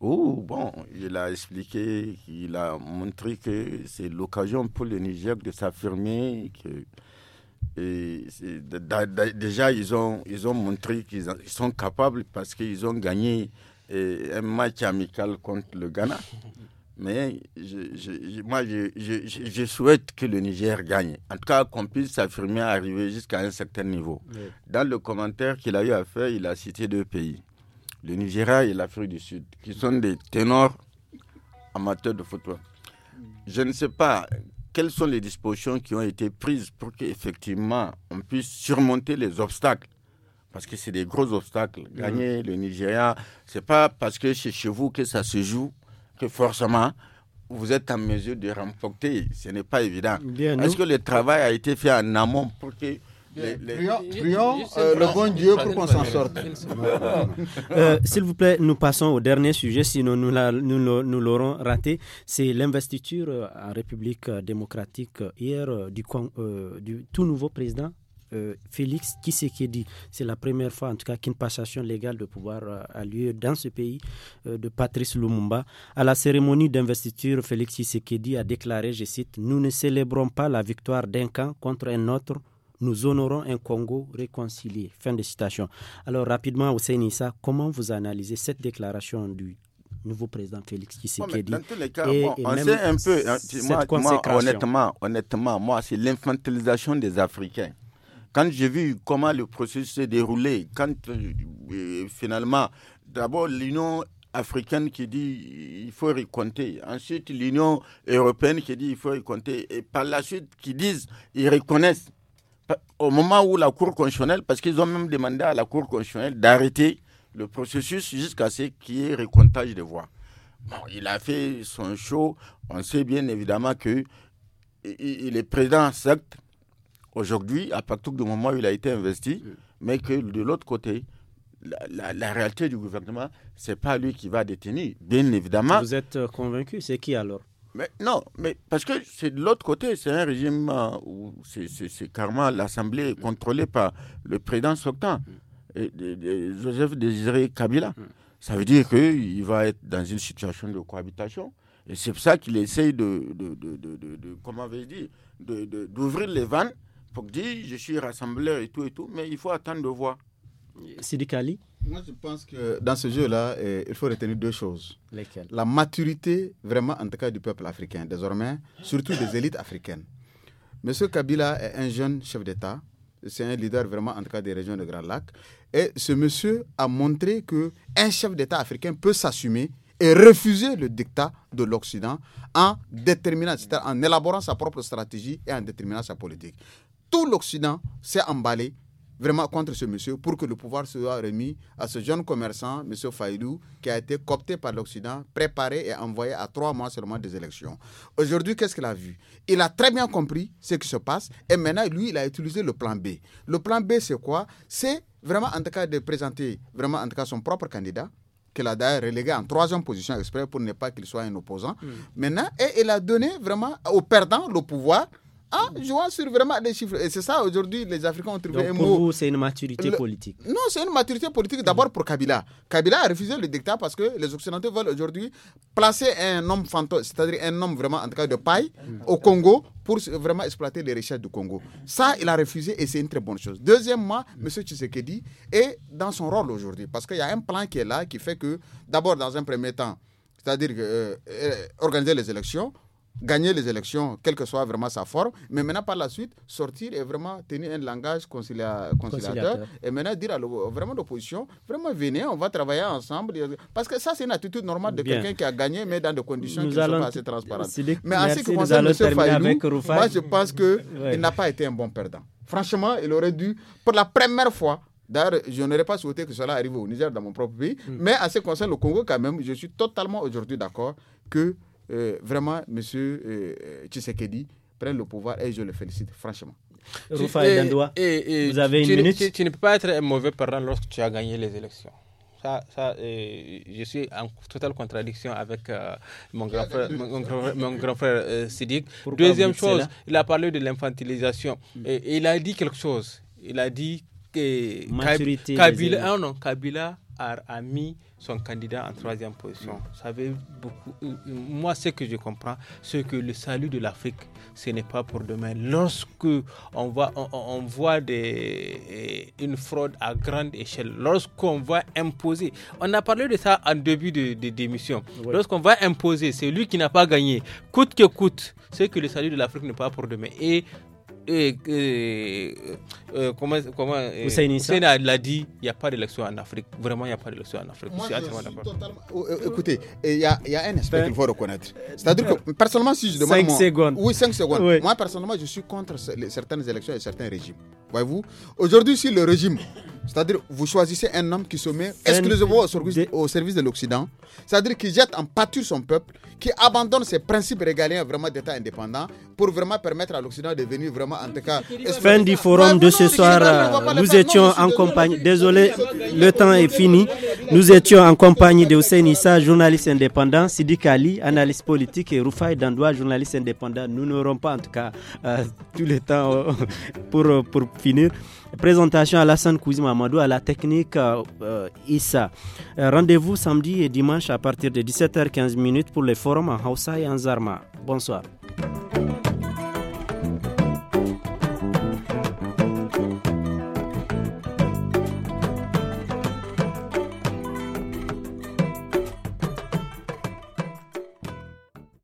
où, bon, il a expliqué, il a montré que c'est l'occasion pour le Niger de s'affirmer, que déjà, ils ont, ils ont montré qu'ils sont capables parce qu'ils ont gagné un match amical contre le Ghana. *laughs* Mais moi, je, souhaite que le Niger gagne. En tout cas, qu'on puisse s'affirmer à arriver jusqu'à un certain niveau. Dans le commentaire qu'il a eu à faire, il a cité deux pays, le Nigeria et l'Afrique du Sud, qui sont des ténors amateurs de football. Je ne sais pas quelles sont les dispositions qui ont été prises pour qu'effectivement on puisse surmonter les obstacles parce que c'est des gros obstacles. Mmh. Gagner le Nigeria, c'est pas parce que c'est chez vous que ça se joue que forcément vous êtes en mesure de remporter. Ce n'est pas évident. Est-ce que le travail a été fait en amont pour que Prions, euh, le bon Dieu pour qu'on s'en sorte. Euh, s'il vous plaît, nous passons au dernier sujet, sinon nous l'aurons raté. C'est l'investiture euh, en République démocratique hier du, tout nouveau président Félix Tshisekedi. C'est la première fois, en tout cas, qu'une passation légale de pouvoir a lieu dans ce pays de Patrice Lumumba. À la cérémonie d'investiture, Félix Tshisekedi a déclaré, je cite, Nous ne célébrons pas la victoire d'un camp contre un autre nous honorons un Congo réconcilié. Fin de citation. Alors rapidement, Hussein Nissa, comment vous analysez cette déclaration du nouveau président Félix Tshisekedi. on sait un peu. Hein, moi, honnêtement, honnêtement, moi, c'est l'infantilisation des Africains. Quand j'ai vu comment le processus s'est déroulé, quand euh, euh, finalement, d'abord l'Union africaine qui dit il faut recompter, ensuite l'Union européenne qui dit il faut recompter, et par la suite qui disent ils reconnaissent au moment où la Cour constitutionnelle, parce qu'ils ont même demandé à la Cour constitutionnelle d'arrêter le processus jusqu'à ce qu'il y ait recomptage des voix. Bon, il a fait son show. On sait bien évidemment que il est président, certes, aujourd'hui, à partir du moment où il a été investi, mais que de l'autre côté, la, réalité du gouvernement, ce n'est pas lui qui va détenir, bien évidemment. Vous êtes euh, convaincu, c'est qui alors non, mais parce que c'est de l'autre côté, c'est un régime euh, où c'est carrément l'Assemblée contrôlée par le président soctan mm. et, Joseph Désiré Kabila. Mm. Ça veut dire qu'il va être dans une situation de cohabitation. Et c'est pour ça qu'il essaye de, de, de, de, comment vais-je dire, d'ouvrir les vannes pour dire je suis rassembleur et tout et tout, mais il faut attendre de voir. Sidikali Moi, je pense que dans ce jeu-là, eh, il faut retenir deux choses. Lesquelles La maturité, vraiment, en tout cas, du peuple africain, désormais, surtout des *laughs* élites africaines. Monsieur Kabila est un jeune chef d'État. C'est un leader vraiment, en tout cas, des régions de Grand Lac. Et ce monsieur a montré qu'un chef d'État africain peut s'assumer et refuser le dictat de l'Occident en déterminant, en élaborant sa propre stratégie et en déterminant sa politique. Tout l'Occident s'est emballé vraiment contre ce monsieur pour que le pouvoir soit remis à ce jeune commerçant, M. Faïdou, qui a été coopté par l'Occident, préparé et envoyé à trois mois seulement des élections. Aujourd'hui, qu'est-ce qu'il a vu Il a très bien compris ce qui se passe et maintenant, lui, il a utilisé le plan B. Le plan B, c'est quoi C'est vraiment, en tout cas, de présenter vraiment, en tout cas, son propre candidat qu'il a d'ailleurs relégué en troisième position exprès pour ne pas qu'il soit un opposant. Hmm. Maintenant, et il a donné vraiment au perdant le pouvoir ah, je jouant sur vraiment des chiffres. Et c'est ça, aujourd'hui, les Africains ont trouvé Donc, pour Vous, c'est une maturité politique. Non, c'est une maturité politique d'abord pour Kabila. Kabila a refusé le dictat parce que les Occidentaux veulent aujourd'hui placer un homme fantôme, c'est-à-dire un homme vraiment, en tout cas, de paille au Congo pour vraiment exploiter les richesses du Congo. Ça, il a refusé et c'est une très bonne chose. Deuxièmement, M. Mm. Tshisekedi est dans son rôle aujourd'hui parce qu'il y a un plan qui est là qui fait que, d'abord, dans un premier temps, c'est-à-dire euh, euh, organiser les élections gagner les élections, quelle que soit vraiment sa forme, mais maintenant par la suite sortir et vraiment tenir un langage conciliateur, et maintenant dire à vraiment l'opposition, vraiment venez, on va travailler ensemble. Parce que ça, c'est une attitude normale de quelqu'un qui a gagné, mais dans des conditions qui ne sont pas assez transparentes. Mais en ce qui concerne M. Fayou, moi je pense qu'il il n'a pas été un bon perdant. Franchement, il aurait dû, pour la première fois, D'ailleurs, je n'aurais pas souhaité que cela arrive au Niger, dans mon propre pays. Mm. Mais à ce qui concerne le Congo, quand même, je suis totalement aujourd'hui d'accord que euh, vraiment, M. Euh, euh, Tshisekedi prenne le pouvoir et je le félicite, franchement. et, vous avez une minute. Tu, ne peux pas être un mauvais parent lorsque tu as gagné les élections. Ça, ça je suis en totale contradiction avec mon grand frère, mon, Deuxième chose, il a parlé de l'infantilisation. Mm. Et, il a dit quelque chose. Il a dit que Kabila, ah non, Kabila a, mis son candidat en troisième position. Vous savez, beaucoup. Euh, euh, moi, ce que je comprends, c'est que le salut de l'Afrique, ce n'est pas pour demain. Lorsque on voit, on, voit des, euh, une fraude à grande échelle, lorsqu'on va imposer, on a parlé de ça en début de, démission. Lorsqu'on va imposer, c'est lui qui n'a pas gagné, coûte que coûte, c'est que le salut de l'Afrique n'est pas pour demain. Et eh, eh, eh, comment, comment l'a dit, il n'y a pas d'élection en Afrique. Vraiment, il n'y a pas d'élection en Afrique. Écoutez, il y, a, un aspect qu'il faut reconnaître. C'est-à-dire que, personnellement, si je demande. 5 secondes. Oui, 5 secondes. Moi, personnellement, je suis contre certaines élections et certains régimes. Voyez-vous Aujourd'hui, si le régime c'est-à-dire, vous choisissez un homme qui se met exclusivement au service, de l'Occident, c'est-à-dire qui jette en pâture son peuple, qui abandonne ses principes régaliens vraiment d'État indépendant pour vraiment permettre à l'Occident de venir vraiment, en tout cas... Fin du forum de ce soir, euh, nous étions en compagnie... Désolé, le temps est fini. Nous étions en compagnie de Hussein Issa, journaliste indépendant, Sidi Kali, analyste politique, et Rufai Dandoua, journaliste indépendant. Nous n'aurons pas, en tout cas, euh, tout le temps euh, pour, pour finir. Présentation à la sainte cuisine Amadou à la technique ISA. Euh, Issa. Euh, rendez-vous samedi et dimanche à partir de 17h15 pour les forums en Hausa et en Zarma. Bonsoir.